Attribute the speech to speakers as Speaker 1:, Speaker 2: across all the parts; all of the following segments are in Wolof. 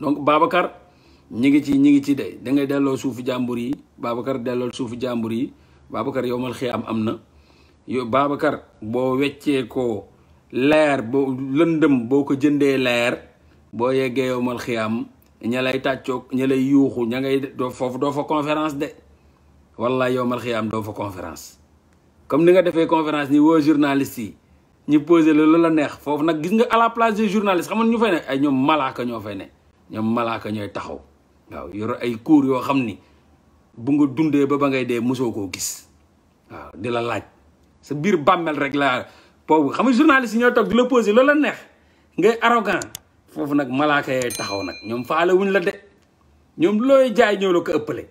Speaker 1: donc Babacar ñi ngi ci ñi ngi ci de da ngay delloo suufu jàmbur yi Babacar delloo suufu jàmbur yi Babacar yow mal xëy am am na yow Babacar boo weccee ko leer boo lëndëm boo ko jëndee leer boo yeggee yow mal am ña lay tàccoog ña lay yuuxu ña ngay doo foofu doo fa conférence de walla yow mal xëy am doo fa conférence comme ni nga defee conférence ni woo journaliste yi ñu posé la lu la neex foofu nag gis nga à la place des journalistes xam nga ñu fay ne ay ñoom malaaka ñoo fay ne ñoom malaaka ñooy taxaw waaw yor ay cours yoo xam ni bu nga dundee ba ba ngay dee mosoo koo gis waaw di la laaj sa biir bàmmel rek la boobu xam nga journaliste yi ñoo toog di la poser loolu la neex ngay arrogant foofu nag malaaka yee taxaw nag ñoom faale wuñ la de ñoom looy jaay ñoo la ko ëppale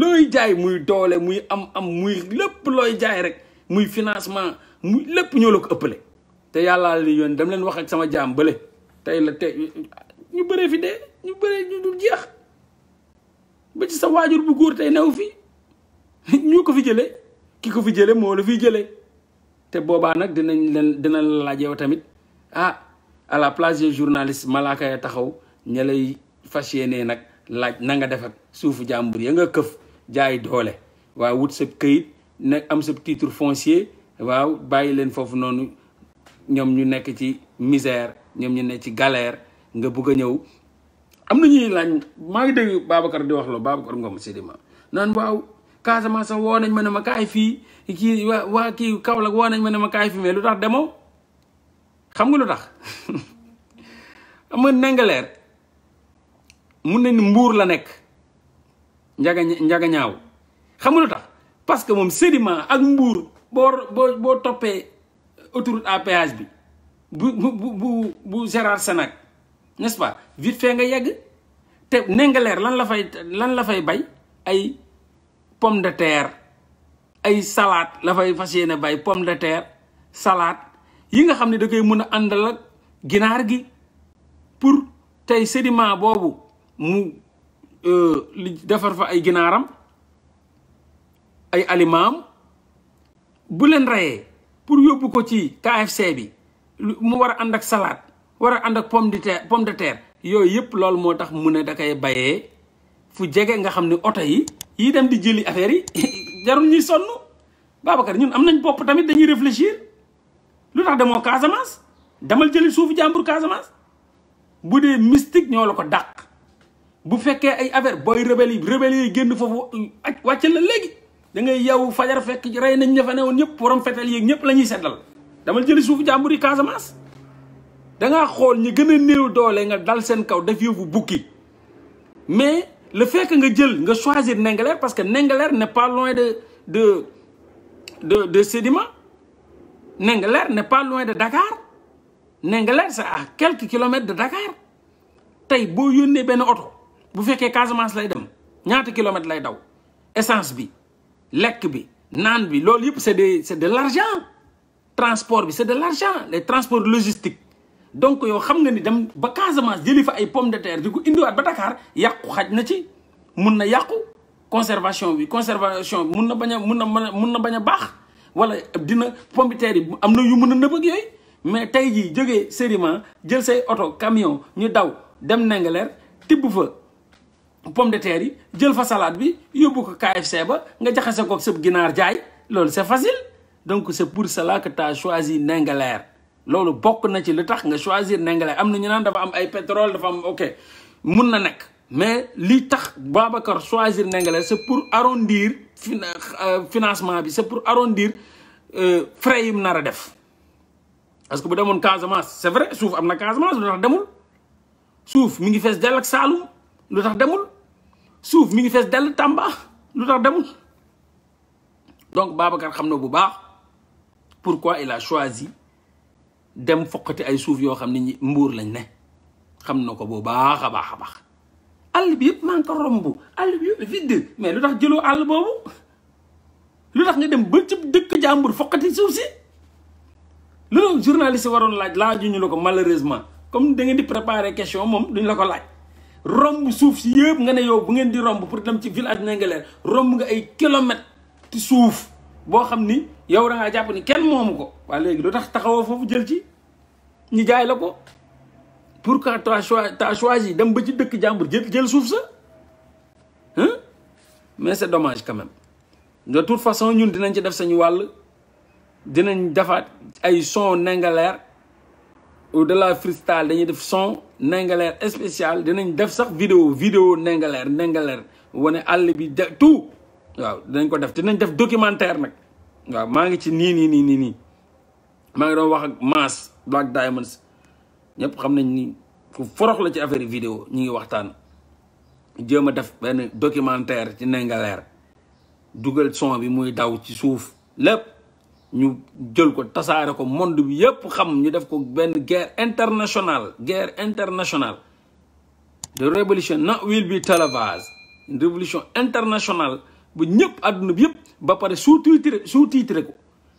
Speaker 1: looy jaay muy doole muy am am muy lépp looy jaay rek muy financement muy lépp ñoo la ko ëppale te yàlla la yoon dam leen wax ak sama jaam bële tey la tey ñu bëree fi de ñu bëree ñu dul jeex ba ci sa waajur bu góor tey new fi ñu ko fi jëlee ki ko fi jëlee moo la fiy jëlee te boobaa nag dinañ leen dina la laaj tamit ah à la place des journalistes malaaka ya taxaw ña lay fas yéenee nag laaj na nga def suufu jàmbur ya nga këf jaay doole waa wut sa këyit nag am sa titre foncier waaw bàyyi leen foofu noonu ñoom ñu nekk ci misère ñoom ñu nekk ci galère nga bugg a ñëw am na ñuy laaj maa ngi dégg Babacar di wax loolu Babacar Ngom Sedima naan waaw Casamance sax woo nañ ma ne ma kaay fii kii waa waa nañ ma ne ma kaay lu tax demoo xam nga lu tax xam nga Ndingler mun nañ mbuur la nekk njaga njaga ñaaw xam nga lu tax parce que moom Sedima ak mbuur boo boo toppee autoroute à bi bu bu bu bu Gérard n'est-ce pas vite nga yegg te nengaleer lan la fay lan la fay bay ay pomme de terre ay salaat la fay fas yéene bay pomme de terre salaat yi nga xam ne da koy mën a àndal ak ginaar gi pour tey sédiment boobu mu euh, li defar fa ay ginaaram ay alimaam bu leen reyee pour yóbbu ko ci KFC bi mu war a ànd ak salaat war a ànd ak pomme de terre pomme de terre yooyu yëpp loolu moo tax mu ne da koy bayee fu jege nga xam ne oto yi yi dem di jëli affaire yi jarul ñuy sonn Babacar ñun am nañ bopp tamit dañuy réfléchir lu tax demoo Casamance demal jëli suufu jàmbur Casamance bu dee mystique ñoo la ko dàq bu fekkee ay affaire booy rebelle yi rebelle yi génn foofu wàccal la léegi da ngay yow fajar fekk rey nañ ña fa ne woon ñëpp borom fetal yeeg ñëpp la ñuy seddal demal jëli suufu jàmbur yi Casamance danga xool ñi gën a néew doole nga dal seen kaw def yëfu bukki mais le fekk nga jël nga choisir Ndingler parce que Ndingler n'est pas loin de de de de Sédima Ndingler n'est loin de Dakar Ndingler c'est à quelques kilomètres de Dakar tey boo yónnee benn oto bu fekkee Casamance lay dem ñaata kilomètres lay daw essence bi lekk bi naan bi loolu yëpp c'est de c'est de l'argent transport bi c'est de l'argent les transports logistiques donc yow xam nga ni dem ba Casamance jëli fa ay pomme de terre di ko indiwaat ba Dakar yàqu xaj na ci mun na yàqu conservation bi conservation bi mun na bañ a mun na mun na bañ a baax wala dina pomme de terre yi am na yu mun a nëb ak yooyu mais tey jii jógee Sériment jël say oto camion ñu daw dem Ndingler tibb fa pomme de terre yi jël fa salaat bi yóbbu ko KFC ba nga jaxase ko sëb ginaar jaay loolu c'est facile donc c'est pour cela que tu as choisi Ndingler loolu bokk na ci lu tax nga choisir Ndingler am na ñu naan dafa am ay pétrole dafa am ok mun na nekk mais li tax Babacar choisir Ndingler c'est pour arrondir euh, financement bi c'est pour arrondir euh, frais yim nar a def parce que bu demoon Casamance c'est vrai suuf am na Casamance lu tax demul suuf mi ngi fes dell ak Saalum lu tax demul suuf mi ngi fees dell Tamba lu tax demul donc Babacar xam na bu baax pourquoi il a choisi dem foqati ay suuf yoo xam ne mbuur lañ ne xam na ko bu baax a baax a baax àll bi yëpp maa ngi ko romb àll bi yëpp vide mais lu tax jëloo àll boobu lu tax nga dem ba ci dëkk jàmbur foqati suuf si loolu journaliste waroon laaj laajuñu la ko malheureusement comme da ngeen di préparer question moom duñ la ko laaj romb suuf si yëpp nga ne yow bu ngeen di romb pour dem ci village Ndingler romb nga ay kilomètres ci suuf boo xam ni yow da jàpp ni kenn moomu ko waaye léegi lu tax taxawoo foofu jël ci ñi jaay la ko pour tu as choisi tu as choisi dem ba ci dëkk jàmbur jël jël suuf sa mais c'est domage quand même de toute façon ñun dinañ ci def sañu wàll dinañ defaat ay son nengaleer au delà freestyle dañuy def son nengaleer spécial dinañ def sax vidéo video nengaleer nengaleer wane àll bi tout waaw dinañ ko def nañ def documentaire nag waaw maa ngi ci nii nii nii nii nii maa ngi doon wax ak Mass Black Diamonds ñëpp xam nañ ni ku forox la ci affaire vidéo ñu ngi waxtaan jéem a def benn documentaire ci Ndingler dugal son bi muy daw ci suuf lépp ñu jël ko tasaare ko monde bi yëpp xam ñu def ko benn guerre internationale guerre international the revolution not will be televised révolution internationale ba ñëpp adduna bi yëpp ba pare sous-titré sous-titré ko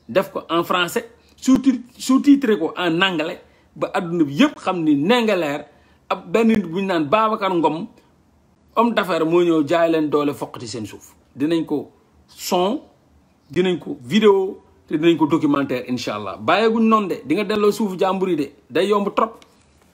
Speaker 1: def ko en français sous-titré ko en nangale ba adduna bi yëpp xam ni Ndingler ab benn bu ñu naan Babacar Ngom homme d'affaires moo ñëw jaay leen doole foqati seen suuf dinañ ko son dinañ ko vidéo te dinañ ko documentaire incha allah bàyyeeguñ noonu de di nga delloo suufu jàmbur yi de day yomb trop